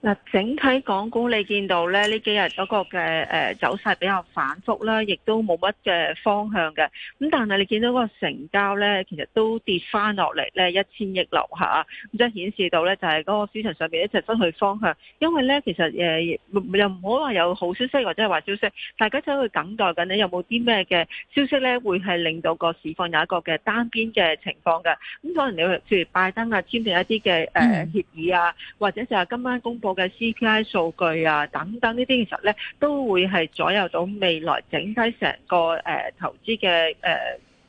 嗱，整體港股你見到咧呢幾日嗰個嘅走勢比較反覆啦，亦都冇乜嘅方向嘅。咁但係你見到個成交咧，其實都跌翻落嚟咧一千億樓下，咁即係顯示到咧就係、是、嗰個市場上面一齊失去方向。因為咧其實、呃、又唔好話有好消息或者壞消息，大家就喺度等待緊你有冇啲咩嘅消息咧會係令到個市況有一個嘅單邊嘅情況嘅。咁可能你譬如拜登啊簽訂一啲嘅誒協議啊，或者就係今晚公布。我嘅 CPI 數據啊，等等時候呢啲其實咧，都會係左右到未來整體成個誒、呃、投資嘅誒。呃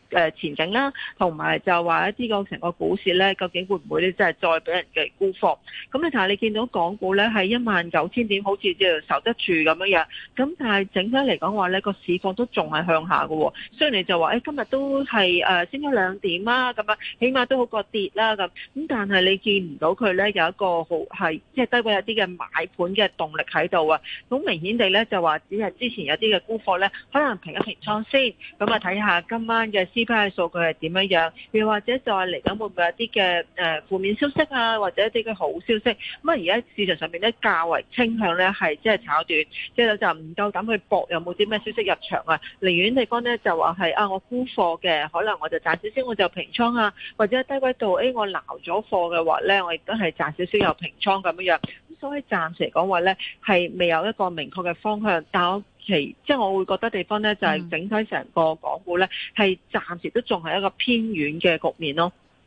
誒前景啦、啊，同埋就係話一啲個成個股市咧，究竟會唔會咧，即係再俾人嘅沽貨？咁但係你見到港股咧係一萬九千點，好似即受得住咁樣樣。咁但係整體嚟講話咧，個市況都仲係向下喎、啊。雖然你就話誒、欸、今日都係誒、呃、升咗兩點啦、啊，咁樣起碼都好過跌啦、啊、咁。咁但係你見唔到佢咧有一個好係即係低位一啲嘅買盤嘅動力喺度啊。好明顯地咧就話只係之前有啲嘅沽貨咧，可能平一平倉先。咁啊睇下今晚嘅。呢批嘅數據係點樣？又或者就係嚟緊會唔會有啲嘅誒負面消息啊，或者一啲嘅好消息？咁啊，而家市場上面咧較為傾向咧係即係炒短，即係就唔夠膽去搏，有冇啲咩消息入場啊？寧願地方咧就話係啊，我沽貨嘅，可能我就賺少少我就平倉啊，或者低位度誒我撈咗貨嘅話咧，我亦都係賺少少又平倉咁樣樣。所以暫時嚟講話咧，係未有一個明確嘅方向，但我其即我會覺得地方咧，就係整體成個港股咧，係暫時都仲係一個偏軟嘅局面咯。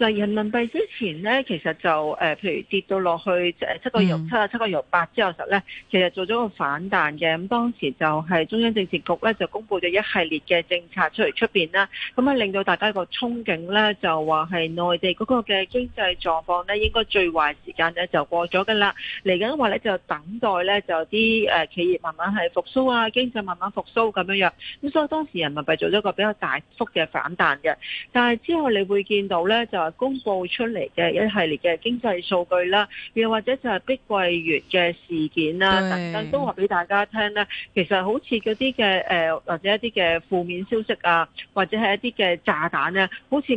就人民幣之前呢，其實就誒，譬如跌到落去誒七個月七啊七個月八之後實呢其實做咗個反彈嘅。咁當時就係中央政治局呢，就公布咗一系列嘅政策出嚟出面啦，咁啊令到大家個憧憬呢，就話係內地嗰個嘅經濟狀況呢，應該最壞時間呢就過咗㗎啦，嚟緊話呢，就等待呢，就啲誒企業慢慢係復甦啊，經濟慢慢復甦咁樣樣。咁所以當時人民幣做咗個比較大幅嘅反彈嘅，但係之後你會見到呢，就，公布出嚟嘅一系列嘅經濟數據啦，又或者就係碧桂園嘅事件啦，等等都話俾大家聽啦，其實好似嗰啲嘅誒或者一啲嘅負面消息啊，或者係一啲嘅炸彈咧、啊，好似未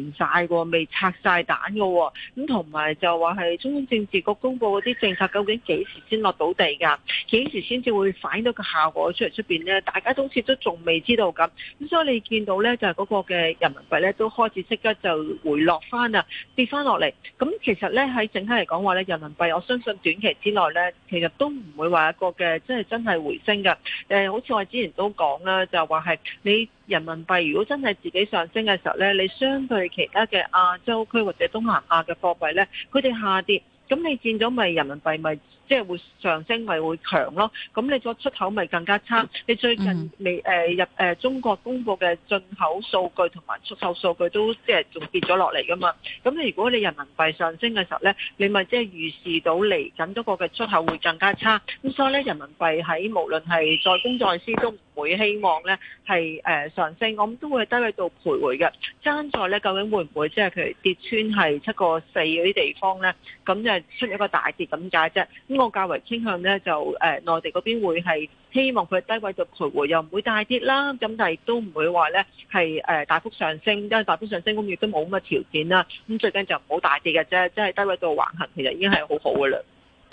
完晒喎，未拆晒彈嘅喎。咁同埋就話係中央政治局公布嗰啲政策，究竟幾時先落到地噶？幾時先至會反映到個效果出嚟出邊咧？大家都好似都仲未知道咁。咁所以你見到咧，就係嗰個嘅人民幣咧，都開始即刻就回落。落翻啊，跌翻落嚟。咁其實咧，喺整體嚟講話咧，人民幣我相信短期之內咧，其實都唔會話一個嘅，即係真係回升㗎。誒，好似我之前都講啦，就話係你人民幣如果真係自己上升嘅時候咧，你相對其他嘅亞洲區或者東南亞嘅貨幣咧，佢哋下跌。咁你見咗咪人民幣咪即係會上升，咪會強咯。咁你個出口咪更加差。你最近未入，誒中國公佈嘅進口數據同埋出口數據都即係仲跌咗落嚟噶嘛。咁你如果你人民幣上升嘅時候咧，你咪即係預示到嚟緊嗰個嘅出口會更加差。咁所以咧，人民幣喺無論係在公在私都。會希望咧係誒上升，我咁都會係低位度徘徊嘅。爭在咧究竟會唔會即係佢跌穿係七個四嗰啲地方咧？咁誒出一個大跌咁解啫。咁我較為傾向咧就誒內地嗰邊會係希望佢低位度徘徊，又唔會大跌啦。咁但係都唔會話咧係誒大幅上升，因為大幅上升咁亦都冇咁嘅條件啦。咁最緊就唔好大跌嘅啫，即係低位度橫行，其實已經係好好嘅啦。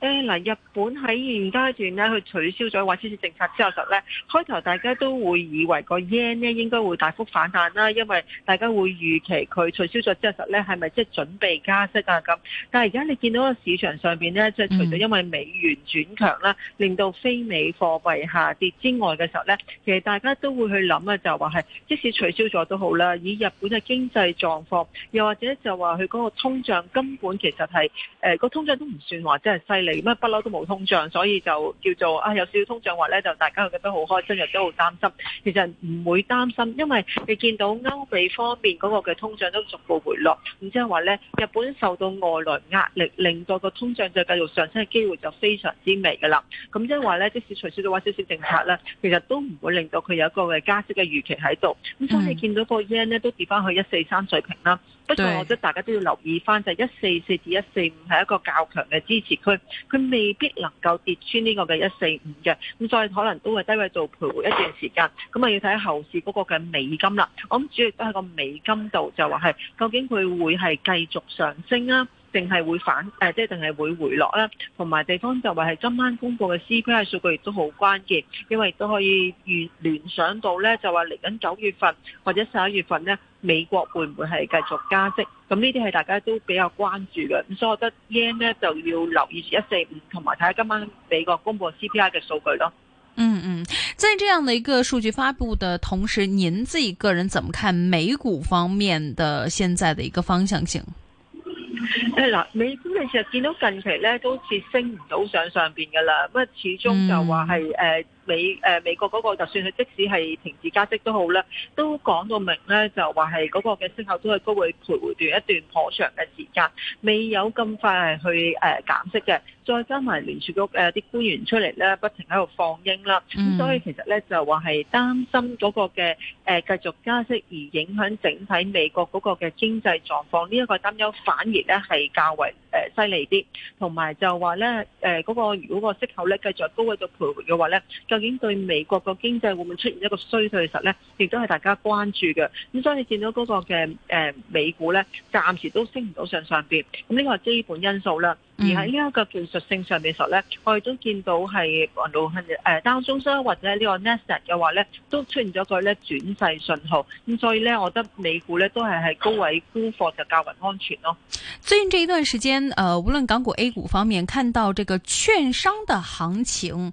誒嗱，日本喺現階段咧，佢取消咗話刺激政策之後實咧，開頭大家都會以為個 yen 咧應該會大幅反彈啦，因為大家會預期佢取消咗之後實咧係咪即係準備加息啊咁。但係而家你見到個市場上面咧，即係除咗因為美元轉強啦，令到非美貨幣下跌之外嘅時候咧，其實大家都會去諗啊，就話係即使取消咗都好啦，以日本嘅經濟狀況，又或者就話佢嗰個通脹根本其實係誒、呃嗰個通脹都唔算話真係犀利。乜不嬲都冇通脹，所以就叫做啊有少少通脹話咧，就大家又覺得好開心，亦都好擔心。其實唔會擔心，因為你見到歐美方面嗰個嘅通脹都逐步回落，咁即係話咧日本受到外來壓力，令到個通脹再繼續上升嘅機會就非常之微噶啦。咁即係話咧即使採取到話少少政策咧，其實都唔會令到佢有一個嘅加息嘅預期喺度。咁所以你見到個 yen 咧都跌翻去一四三水平啦。不過我覺得大家都要留意翻，就係一四四至一四五係一個較強嘅支持區。佢未必能夠跌穿呢個嘅一四五嘅，咁所以可能都會低位做徘徊一段時間，咁啊要睇後市嗰個嘅美金啦。我諗主要都喺個美金度，就話係究竟佢會係繼續上升啊？定係會反誒，即係定係會回落啦，同埋地方就話係今晚公布嘅 CPI 數據亦都好關鍵，因為都可以聯聯想到咧，就話嚟緊九月份或者十一月份咧，美國會唔會係繼續加息？咁呢啲係大家都比較關注嘅。咁所以我覺得 yen 咧就要留意住一四五，同埋睇下今晚美國公布嘅 CPI 嘅數據咯。嗯嗯，在這樣嘅一個數據發布嘅同時，您自己個人怎麼看美股方面嘅現在嘅一個方向性？誒嗱，美股你成日見到近期咧都似升唔到上上邊嘅啦，咁啊始終就話係誒美誒美國嗰個，就算佢即使係停止加息都好啦，都講到明咧就話係嗰個嘅息口都係都會徘徊段一段頗長嘅時間，未有咁快係去誒、呃、減息嘅。再加埋聯儲局誒啲官員出嚟咧，不停喺度放鷹啦，咁、嗯、所以其實咧就話係擔心嗰個嘅誒繼續加息而影響整體美國嗰個嘅經濟狀況，呢、這、一個擔憂反而咧係較為誒犀利啲，同埋就話咧誒嗰個如果個息口咧繼續高位度徘徊嘅話咧，究竟對美國個經濟會唔會出現一個衰退實咧，亦都係大家關注嘅。咁所以你見到嗰個嘅誒美股咧，暫時都升唔到上上邊，咁呢個係基本因素啦。而喺呢一個技術性上面，嚟、嗯、咧，我哋都見到係雲路亨誒、或者個呢個 NASDAQ 嘅話咧，都出現咗個咧轉勢信號。咁所以咧，我覺得美股咧都係喺高位沽貨就較為安全咯。最近這一段時間，誒、呃、無論港股、A 股方面，看到這個券商的行情。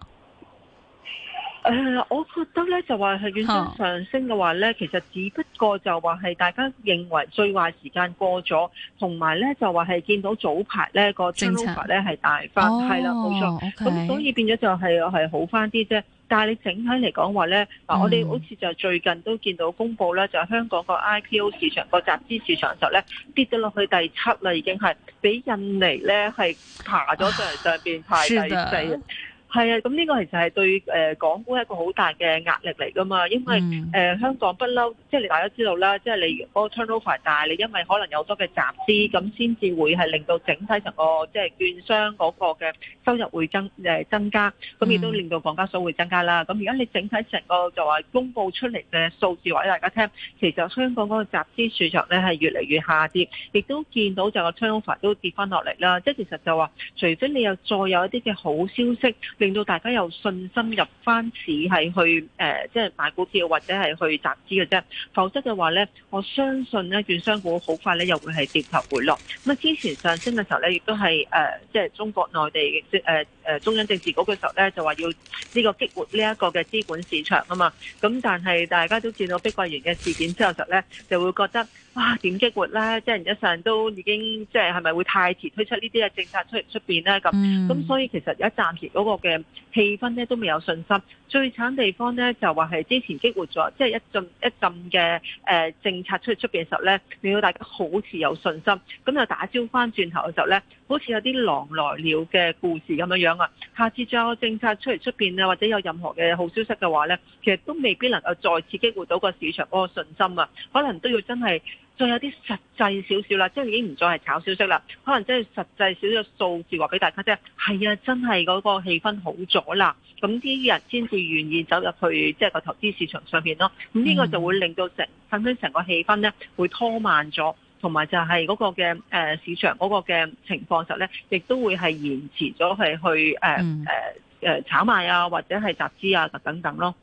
誒、uh, 我覺得咧就話係遠端上升嘅話咧，huh. 其實只不過就話係大家認為最壞時間過咗，同埋咧就話係見到早排咧個 turnover 咧係大翻，係啦，冇錯。咁、okay. 所以變咗就係、是、係好翻啲啫。但係你整體嚟講話咧，嗱、嗯，我哋好似就最近都見到公佈咧，就香港個 IPO 市場個集資市場就咧跌咗落去第七啦，已經係比印尼咧係爬咗上上邊排、oh, 第四。係啊，咁呢個其實係對誒港股一個好大嘅壓力嚟㗎嘛，因為誒、嗯呃、香港不嬲，即係你大家知道啦，即、就、係、是、你嗰個 turnover 大，你因為可能有多嘅集資，咁先至會係令到整體成個即係、就是、券商嗰個嘅收入會增、呃、增加，咁亦都令到港交所會增加啦。咁而家你整體成個就話公佈出嚟嘅數字話畀大，大家聽，其實香港嗰個集資市場咧係越嚟越下跌，亦都見到就個 turnover 都跌翻落嚟啦。即其實就話，除非你又再有一啲嘅好消息。令到大家有信心入翻市係去誒，即、呃、係、就是、買股票或者係去集資嘅啫。否則嘅話咧，我相信咧，券商股好快咧又會係掉頭回落。咁啊，之前上升嘅時候咧，亦都係誒，即、呃、係、就是、中國內地即、呃、中央政治局嘅時候咧，就話要呢個激活呢一個嘅資本市場啊嘛。咁但係大家都見到碧桂園嘅事件之後實咧，就會覺得。哇、啊！點激活咧？即係一上都已經，即係係咪會太遲推出呢啲嘅政策出嚟出邊咧？咁咁，所以其實而家暫時嗰個嘅氣氛咧都未有信心。最慘地方咧就話係之前激活咗，即係一陣一陣嘅誒、呃、政策出嚟出邊嘅時候咧，令到大家好似有信心。咁就打招翻轉頭嘅時候咧，好似有啲狼來了嘅故事咁樣樣啊！下次再有政策出嚟出邊啊，或者有任何嘅好消息嘅話咧，其實都未必能夠再次激活到個市場嗰個信心啊！可能都要真係～再有啲實際少少啦，即係已經唔再係炒消息啦，可能即係實際少少數字話俾大家聽，係啊，真係嗰個氣氛好咗啦，咁啲人先至願意走入去即係個投資市場上邊咯，咁呢個就會令到成，mm. 甚至成個氣氛咧會拖慢咗，同埋就係嗰個嘅、呃、市場嗰個嘅情況時咧，亦都會係延遲咗去去誒誒誒炒賣啊，或者係集資啊等等咯。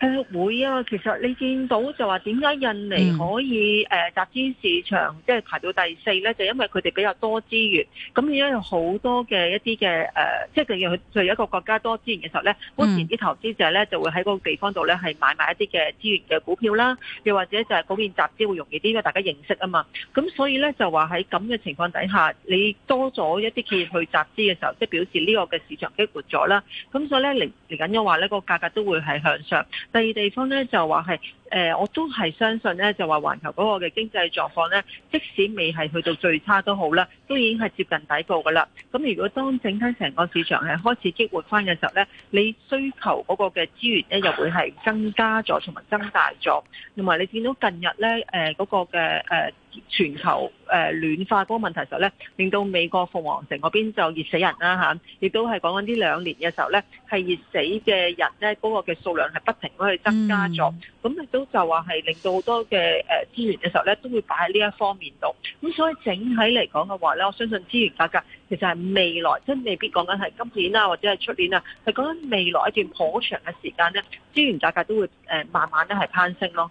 誒會啊，其實你見到就話點解印尼可以誒集資市場即係排到第四咧、嗯，就因為佢哋比較多資源。咁而家有好多嘅一啲嘅誒，即係例如佢作為一個國家多資源嘅時候咧，咁自然啲投資者咧就會喺嗰個地方度咧係買賣一啲嘅資源嘅股票啦。又或者就係嗰邊集資會容易啲，因為大家認識啊嘛。咁所以咧就話喺咁嘅情況底下，你多咗一啲企業去集資嘅時候，即係表示呢個嘅市場激活咗啦。咁所以咧嚟嚟緊嘅話咧，個價格都會係向上。第二地方咧就話係。誒， 我都係相信咧，就話環球嗰個嘅經濟狀況咧，即使未係去到最差都好啦，都已經係接近底部噶啦。咁如果當整體成個市場係開始激活翻嘅時候咧，你需求嗰個嘅資源咧又會係增加咗同埋增大咗。同埋你見到近日咧，誒、那、嗰個嘅誒全球誒暖化嗰個問題時候咧，令到美國鳳凰城嗰邊就熱死人啦嚇，亦都係講緊呢兩年嘅時候咧，係熱死嘅人咧嗰、那個嘅數量係不停去增加咗。咁你都都就話係令到好多嘅誒資源嘅時候咧，都會擺喺呢一方面度。咁所以整體嚟講嘅話咧，我相信資源價格其實係未來，即係未必講緊係今年啊，或者係出年啊，係講緊未來一段頗長嘅時間咧，資源價格都會誒慢慢咧係攀升咯。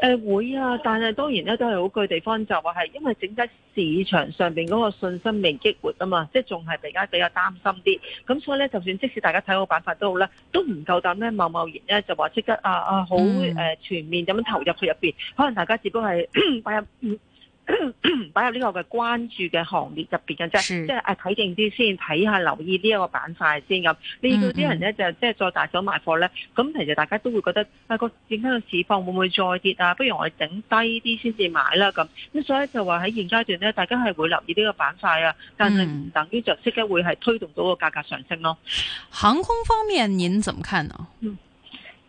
誒、呃、會啊，但係當然咧，都係好嘅地方就話係，因為整體市場上面嗰個信心未激活啊嘛，即係仲係比較擔心啲，咁所以咧，就算即使大家睇好辦法都好啦，都唔夠膽咧，貿貿然咧就話即刻啊啊，好誒、呃、全面咁樣投入去入邊，可能大家只不過係擺 入。嗯擺 入呢個嘅關注嘅行列入邊嘅啫，即係誒睇定啲先，睇下留意呢一個板塊先咁。你度啲人咧就即係再大手買貨咧，咁其實大家都會覺得啊、這個而家個市況會唔會再跌啊？不如我哋整低啲先至買啦咁。咁所以就話喺現階段咧，大家係會留意呢個板塊啊，但係唔等於就即刻嘅會係推動到個價格上升咯。嗯、航空方面，您怎麼看呢？嗯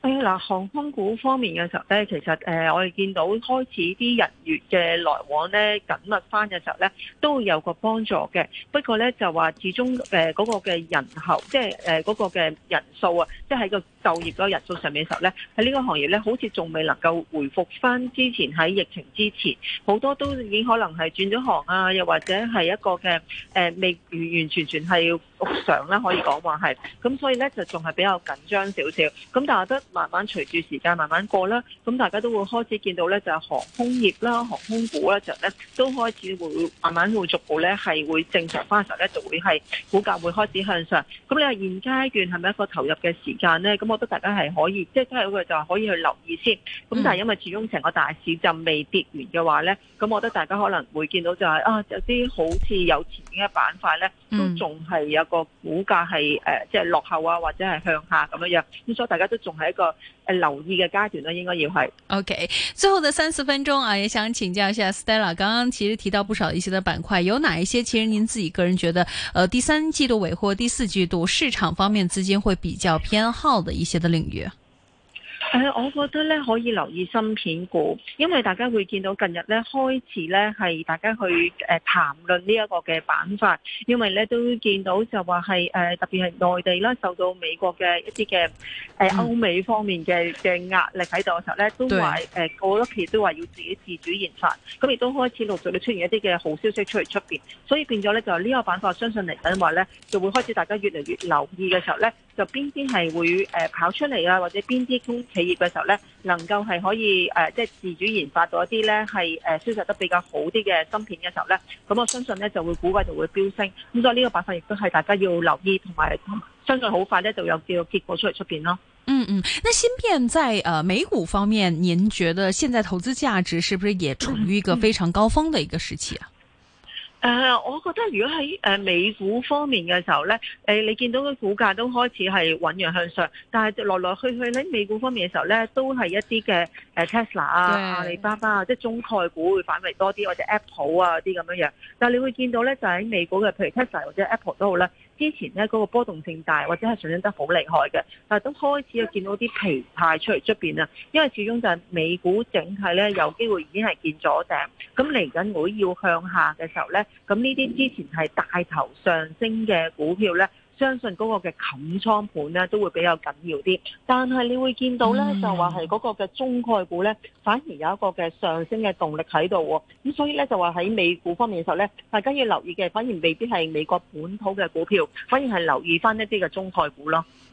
誒，嗱，航空股方面嘅時候咧，其實誒、呃，我哋見到開始啲人員嘅來往咧緊密翻嘅時候咧，都會有個幫助嘅。不過咧就話，始終誒嗰個嘅人口，即係誒嗰個嘅人數啊，即係喺個就業個人數上面嘅時候咧，喺呢個行業咧，好似仲未能夠回復翻之前喺疫情之前，好多都已經可能係轉咗行啊，又或者係一個嘅誒、呃、未完完全全係。屋上啦，可以講話係，咁所以咧就仲係比較緊張少少，咁但係都慢慢隨住時間慢慢過啦，咁大家都會開始見到咧就係航空業啦、航空股咧就咧都開始會慢慢會逐步咧係會正常翻嘅時候咧就會係股價會開始向上，咁你話現階段係咪一個投入嘅時間咧？咁我覺得大家係可以，即係真係我哋就係可以去留意先，咁但係因為始終成個大市就未跌完嘅話咧，咁我覺得大家可能會見到就係啊有啲好似有前景嘅板塊咧都仲係有。個股價係誒，即、呃、係、就是、落後啊，或者係向下咁樣樣，咁所以大家都仲係一個誒、呃、留意嘅階段啦、啊，應該要係。OK，最後嘅三四分鐘啊，也想請教一下 Stella，剛剛其實提到不少一些嘅板塊，有哪一些其實您自己個人覺得，誒、呃、第三季度尾或、第四季度市場方面資金會比較偏好的一些嘅領域？係、呃，我覺得咧可以留意芯片股，因為大家會見到近日咧開始咧係大家去呃、談論呢一個嘅板塊，因為咧都見到就話係、呃、特別係內地啦，受到美國嘅一啲嘅歐美方面嘅嘅壓力喺度嘅時候咧，都話誒、呃、過多期都話要自己自主研發，咁亦都開始陸續出現一啲嘅好消息出嚟出邊，所以變咗咧就呢個板塊，相信嚟緊話咧就會開始大家越嚟越留意嘅時候咧。就邊啲係會誒跑出嚟啦，或者邊啲企業嘅時候咧，能夠係可以誒、呃、即係自主研發到一啲咧係誒銷售得比較好啲嘅芯片嘅時候咧，咁我相信咧就會股價就會飆升。咁所以呢個辦法亦都係大家要留意，同埋相信好快咧就有叫結果出嚟出邊咯。嗯嗯，那芯片在誒、呃、美股方面，您覺得現在投資價值是不是也處於一個非常高峰嘅一個時期啊？嗯嗯嗯誒、呃，我覺得如果喺誒美股方面嘅時候咧，誒、呃、你見到嘅股價都開始係醞釀向上，但係來來去去喺美股方面嘅時候咧，都係一啲嘅誒 Tesla、yeah. 啊、阿里巴巴啊，即係中概股會反為多啲，或者 Apple 啊啲咁樣樣。但係你會見到咧，就喺美股嘅，譬如 Tesla 或者 Apple 都好呢。之前咧嗰個波動性大，或者係上升得好厲害嘅，但係都開始有見到啲疲態出嚟出面啦。因為始終就係美股整體咧有機會已經係見咗頂，咁嚟緊會要向下嘅時候咧，咁呢啲之前係大頭上升嘅股票咧。相信嗰個嘅冚倉盤咧都會比較緊要啲，但係你會見到咧、嗯、就話係嗰個嘅中概股咧反而有一個嘅上升嘅動力喺度喎。咁所以咧就話喺美股方面嘅時候咧，大家要留意嘅反而未必係美國本土嘅股票，反而係留意翻一啲嘅中概股咯。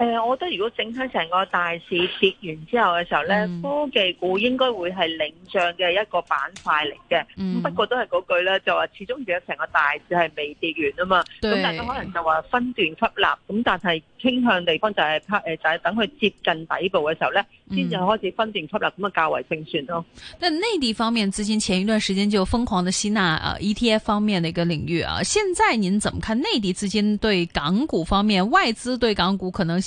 誒、呃，我覺得如果整體成個大市跌完之後嘅時候咧、嗯，科技股應該會係領漲嘅一個板塊嚟嘅。不過都係嗰句咧，就話始終而家成個大市係未跌完啊嘛。咁大家可能就話分段吸納，咁但係傾向地方就係、是、誒、呃，就係、是、等佢接近底部嘅時候咧，先至開始分段吸納，咁啊較為正算咯。但係內地方面，資金前一段時間就瘋狂嘅吸納啊、呃、ETF 方面嘅一個領域啊，現在您怎麼看內地資金對港股方面，外資對港股可能？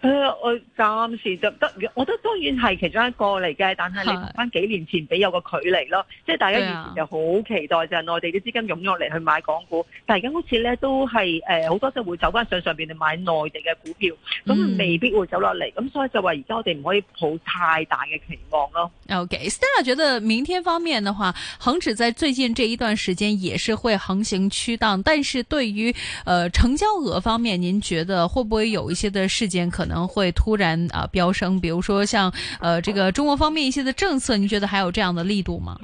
誒、呃，我暫時就得，我覺得當然係其中一個嚟嘅，但係你翻幾年前比有個距離咯，即係大家以前就好期待就係內地啲資金湧落嚟去買港股，但係而家好似咧都係誒好多都會走翻上上邊嚟買內地嘅股票，咁未必會走落嚟，咁、嗯、所以就話而家我哋唔可以抱太大嘅期望咯。OK，Stella，okay. 覺得明天方面嘅話，恒指在最近這一段時間也是會橫行趨檔，但是對於誒、呃、成交額方面，您覺得會唔會有一些的事件可能？可能會突然啊飆升，比如說像，呃，這個中國方面一些的政策，你覺得還有這樣的力度嗎？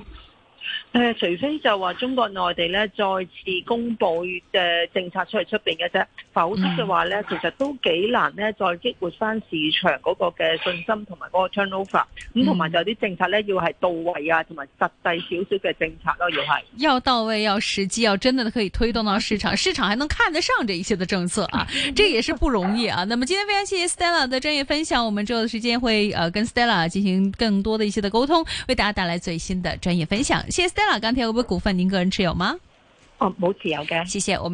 誒、呃，除非就話中國內地呢再次公布嘅政策出嚟出邊嘅啫。否則嘅話呢，其實都幾難呢。再激活翻市場嗰個嘅信心同埋嗰個 turnover，咁、嗯、同埋就有啲政策呢，要係到位啊，同埋實際少少嘅政策咯，要係要到位，要實際，要真的可以推動到市場， 市場還能看得上這一些的政策啊，這也是不容易啊。 那麼今天非常謝謝 Stella 的專業分享，我們之後嘅時間會呃跟 Stella 進行更多的一些的溝通，為大家帶來最新的專業分享。謝謝 Stella，剛才有冇股份 您個人持有嗎？哦，冇持有嘅，謝謝我。